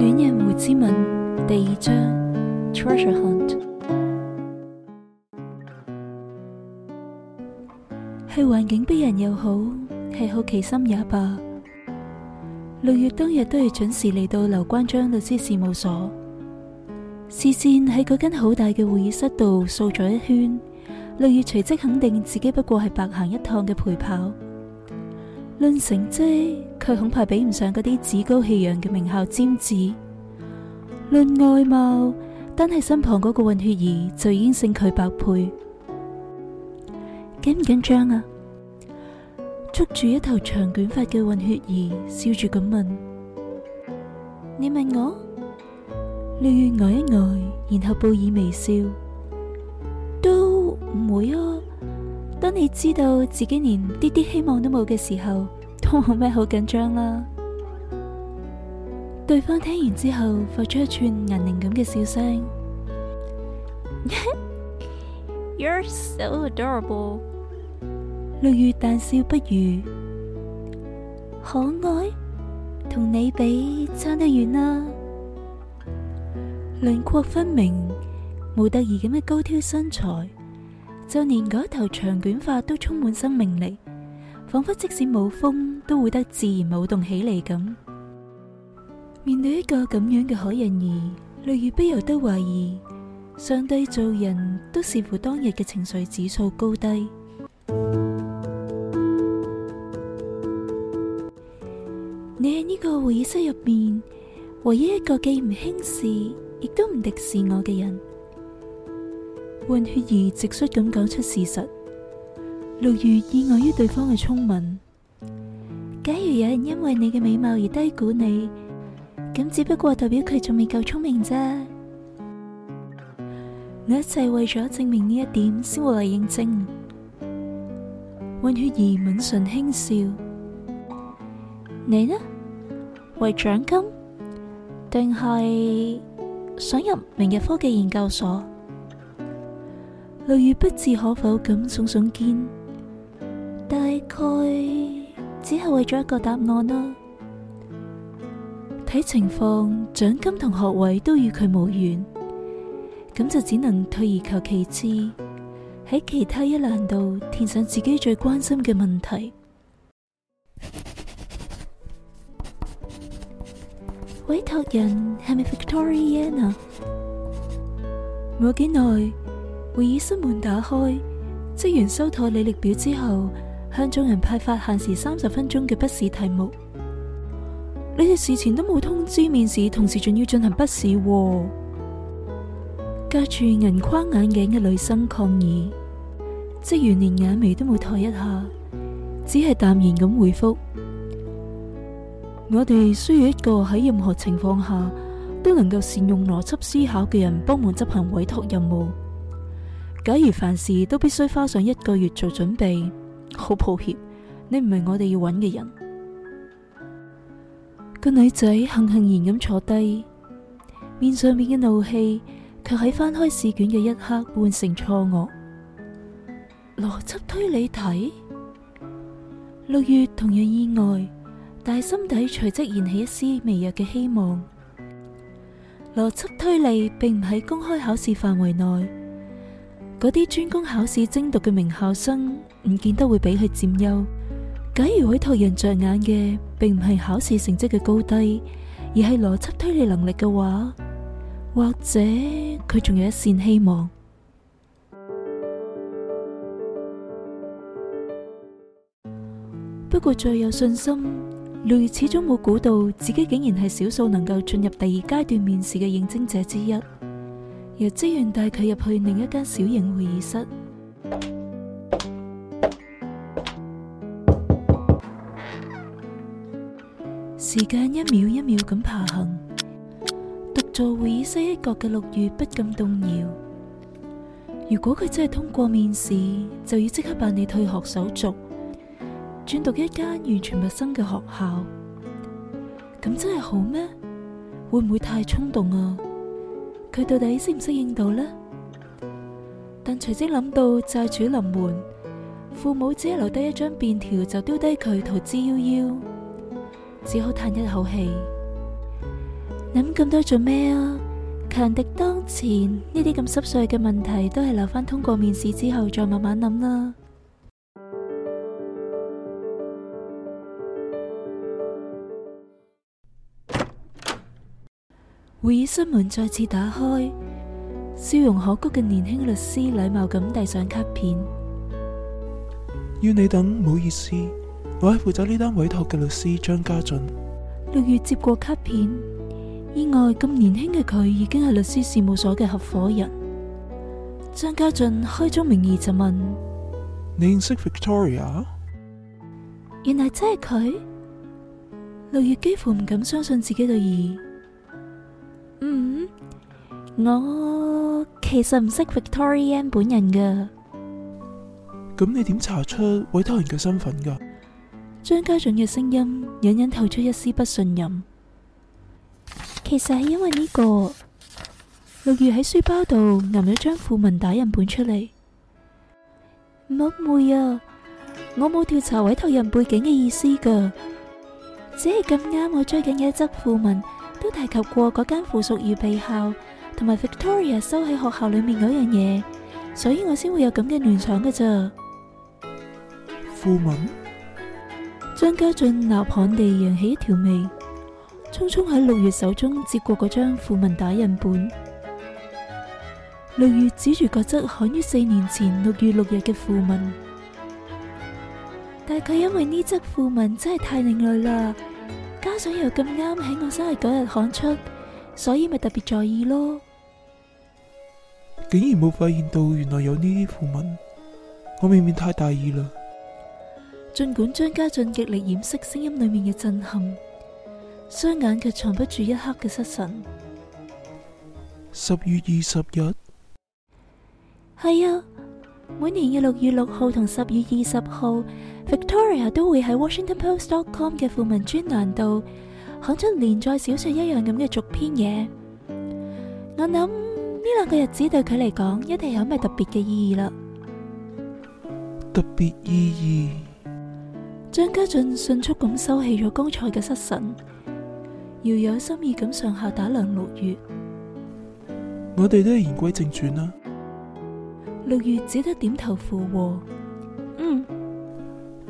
《戀人湖之吻》第二章，Treasure Hunt。係環境逼人又好，係好奇心也罷。六月當日都係準時嚟到劉關張律師事務所，視線喺嗰間好大嘅會議室度掃咗一圈。六月隨即肯定自己不過係白行一趟嘅陪跑。論成績，佢恐怕比唔上嗰啲趾高氣揚嘅名校尖子。論外貌，單係身旁嗰個混血兒就已經勝佢百倍。緊唔緊張啊？捉住一頭長捲髮嘅混血兒，笑住咁問：你問我？略略呆一呆，然後報以微笑。都唔會啊！當你知道自己連啲啲希望都冇嘅時候，冇咩好緊張啦。對方聽完之後，發出一串銀鈴咁嘅笑聲。 You're so adorable。綠月淡笑不語，可愛？同你比，差得遠啦、啊。輪廓分明，模特兒咁嘅高挑身材，就連嗰一頭長捲發都充滿生命力，仿佛即使冇風。都會得自然舞動起嚟咁。面對一個咁樣嘅可人兒，六月不由得懷疑上帝做人都視乎當日嘅情緒指數高低。你喺呢個會議室入面，唯一一個既唔輕視亦都唔敵視我嘅人，混血兒直率咁講出事實。六月意外於對方嘅聰敏。假如有人因為你嘅美貌而低估你，咁只不過代表佢仲未夠聰明啫。我一切為咗證明呢一點先會嚟應徵。溫雪兒抿唇輕笑，你呢？為獎金，定係想入明日科技研究所？路遇不置可否咁聳聳肩，大概。只係為咗一個答案咯，睇情況，獎金同學位都與佢無緣，咁就只能退而求其次，喺其他一欄度填上自己最關心嘅問題。委託人係咪 Victoria 啊？冇幾耐，會議室門打開，職員收妥履歷表之後。向眾人派發限時三十分鐘嘅筆試題目，你哋事前都冇通知面試同時、哦，仲要進行筆試。架住銀框眼鏡嘅女生抗議，職員連眼眉都冇抬一下，只係淡然咁回覆：我哋需要一個喺任何情況下都能夠善用邏輯思考嘅人，幫忙執行委託任務。假如凡事都必須花上一個月做準備。好 抱歉，你唔係我哋要揾嘅人。個 女仔悻悻然咁坐低，面上面嘅怒氣，卻喺翻開試卷嘅一刻換成錯愕。邏輯推理題，六月同樣意外，但係心底隨即燃起一絲微弱嘅希望。邏輯推理並唔喺公開考試範圍內。嗰啲專攻考試精讀嘅名校生唔見得會畀佢佔優。假如委託人著眼嘅並唔係考試成績嘅高低，而係邏輯推理能力嘅話，或者佢仲有一線希望。不過最有信心，雷始終冇估到自己竟然係少數能夠進入第二階段面試嘅應徵者之一。由職員帶佢入去另一間小型會議室，時間一秒一秒咁爬行，獨坐會議室一角嘅陸羽不禁動搖。如果佢真係通過面試，就要即刻辦理退學手續，轉讀一間完全陌生嘅學校，咁真係好咩？會唔會太衝動啊？佢到底適唔適應到呢？但隨即諗到債主臨門，父母只係留低一張便條就丟低佢逃之夭夭，只好嘆一口氣。諗咁多做咩啊？強敵當前，呢啲咁濕碎嘅問題都係留翻通過面試之後再慢慢諗啦。會議室門再次打開，笑容可掬嘅年輕律師禮貌咁遞上卡片。要你等，唔好意思，我係負責呢單委託嘅律師張家俊。六月接過卡片，意外咁年輕嘅佢已經係律師事務所嘅合夥人。張家俊開宗明義就問：你認識 Victoria？原來真係佢。六月幾乎唔敢相信自己對耳。我其實唔識 Victoria 本人噶，咁你點查出委託人嘅身份噶？張家俊嘅聲音隱隱透出一絲不信任。其實係因為呢、這個陸如喺書包度揞咗張訃文打印本出嚟，唔好誤會啊！我冇調查委託人背景嘅意思噶，只係咁啱我追緊嘅一則訃文都提及過嗰間附屬預備校。同埋 Victoria 收喺學校裏面嗰樣嘢，所以我先會有咁嘅聯想噶咋？訃文？張家俊納罕地揚起一條眉，匆匆喺六月手中接過嗰張訃文打印本。六月指住嗰則刊於四年前六月六日嘅訃文，大概因為呢則訃文真係太另類啦，加上又咁啱喺我生日嗰日刊出，所以咪特別在意咯。竟然冇發現到，原來有呢啲訃聞，我未免太大意啦！盡管張家俊極力掩飾聲音裏面嘅震撼，雙眼卻藏不住一刻嘅失神。十月二十日，係啊，每年嘅六月六號同十月二十號，Victoria 都會喺 WashingtonPost.com 嘅訃聞專欄度刊出連載小說一樣咁嘅續篇嘢。我諗。呢兩個日子對佢嚟講一定有咩特別嘅意義啦！特別意義。張家俊迅速咁收起咗剛才嘅失神，饒有心意咁上下打量六月。我哋都係言歸正傳啦。六月只得點頭附和，哦。嗯。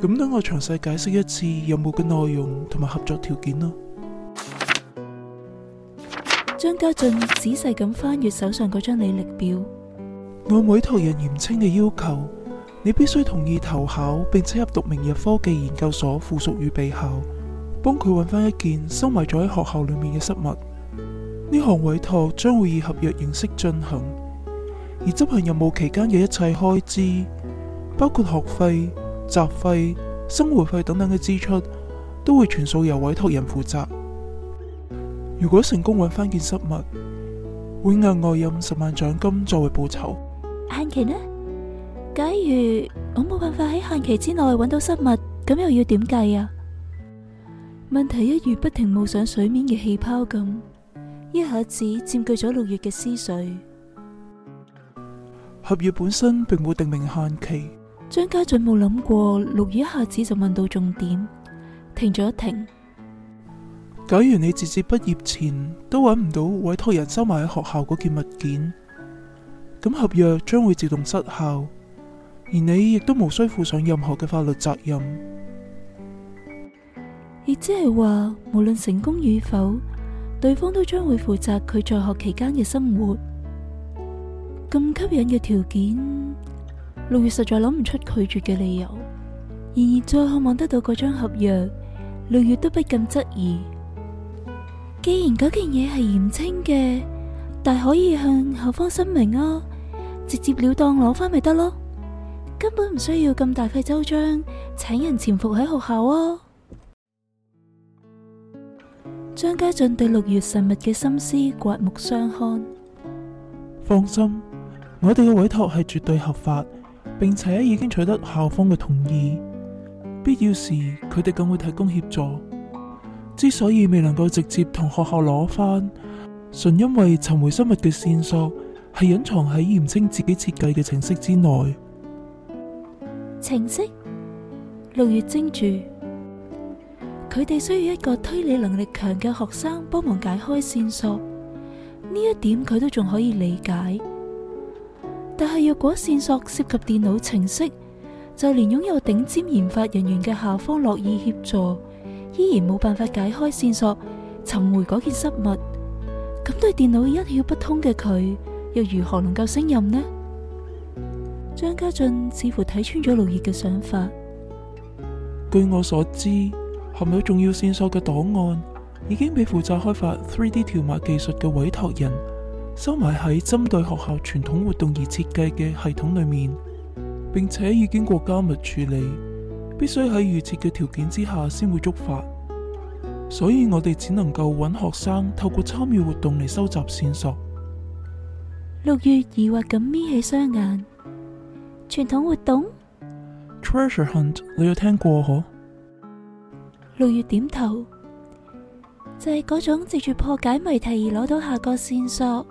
咁等我詳細解釋一次任務嘅內容同埋合作條件啦。張家俊仔細咁翻閱手上嗰張履歷表。按委託人嚴清嘅要求，你必須同意投考，並且入讀明日科技研究所附屬預備校，幫佢搵翻一件收埋咗喺學校裏面嘅失物。呢項委託將會以合約形式進行，而執行任務期間嘅一切開支，包括學費、雜費、生活費等等嘅支出，都會全數由委託人負責。如果成功搵翻件失物，會額外有五十萬獎金作為報酬。限期呢？假如我冇辦法喺限期之內搵到失物，咁又要點計啊？問題一如不停冒上水面嘅氣泡咁，一下子佔據咗六月嘅思緒。合約本身並冇定明限期。張家俊冇諗過，六月一下子就問到重點，停咗一停。假如你直至畢業前都揾唔到委託人收埋喺學校嗰件物件，咁合約將會自動失效，而你亦都無需負上任何嘅法律責任。亦即係話，無論成功與否，對方都將會負責佢在學期間嘅生活。咁吸引嘅條件，六月實在諗唔出拒絕嘅理由。然而，再渴望得到嗰張合約，六月都不禁質疑。既然嗰件嘢係嚴清嘅，但可以向校方聲明啊，直接了當攞翻咪得咯，根本唔需要咁大費周章，請人潛伏喺學校哦、啊。張家俊對六月神物嘅心思刮目相看。放心，我哋嘅委託係絕對合法，並且已經取得校方嘅同意，必要時佢哋更會提供協助。之所以未能夠直接同學校攞返，純因為尋回失物嘅線索係隱藏喺嚴清自己設計嘅程式之內。程式六月精注，佢哋需要一個推理能力強嘅學生幫忙解開線索。呢一點佢都仲可以理解，但係若果線索涉及電腦程式，就連擁有頂尖研發人員嘅校方樂意協助。依然冇辦法解開線索，尋回嗰件失物。咁對電腦一竅不通嘅佢，又如何能夠勝任呢？張家俊似乎睇穿咗陸葉嘅想法。據我所知，含有重要線索嘅檔案，已經被負責開發 three D 條碼技術嘅委託人收埋喺針對學校傳統活動而設計嘅系統裏面，並且已經過加密處理。必須喺預設嘅條件之下先會觸發，所以我哋只能夠揾學生透過參與活動嚟收集線索。六月疑惑咁眯起雙眼，傳統活動 Treasure Hunt 你有聽過可？六月點頭，就係、是、嗰種借住破解謎題而攞到下個線索，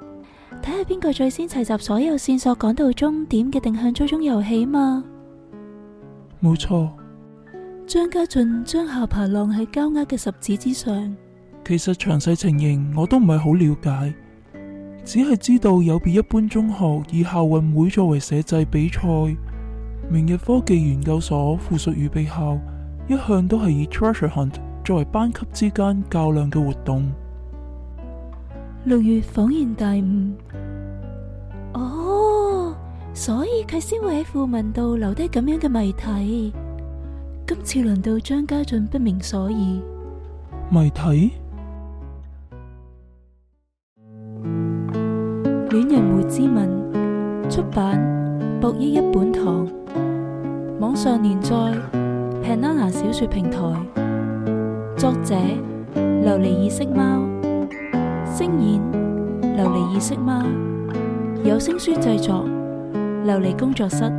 睇下邊個最先齊集所有線索，趕到終點嘅定向追蹤遊戲嘛？冇錯。張家俊將下巴浪喺交握嘅十指之上。其實詳細情形我都唔係好了解，只係知道有別一般中學以校運會作為寫際比賽。明日科技研究所附屬預備校一向都係以 Treasure Hunt 作為班級之間較量嘅活動。六月恍然大悟，哦、oh，所以佢先會喺富民道留低咁樣嘅謎題。今次輪到張家俊不明所以，謎題《戀人湖之吻》出版，博益一本堂網上連載，Penana 小說平台，作者琉璃異色貓，聲演琉璃異色貓，有聲書製作琉璃工作室。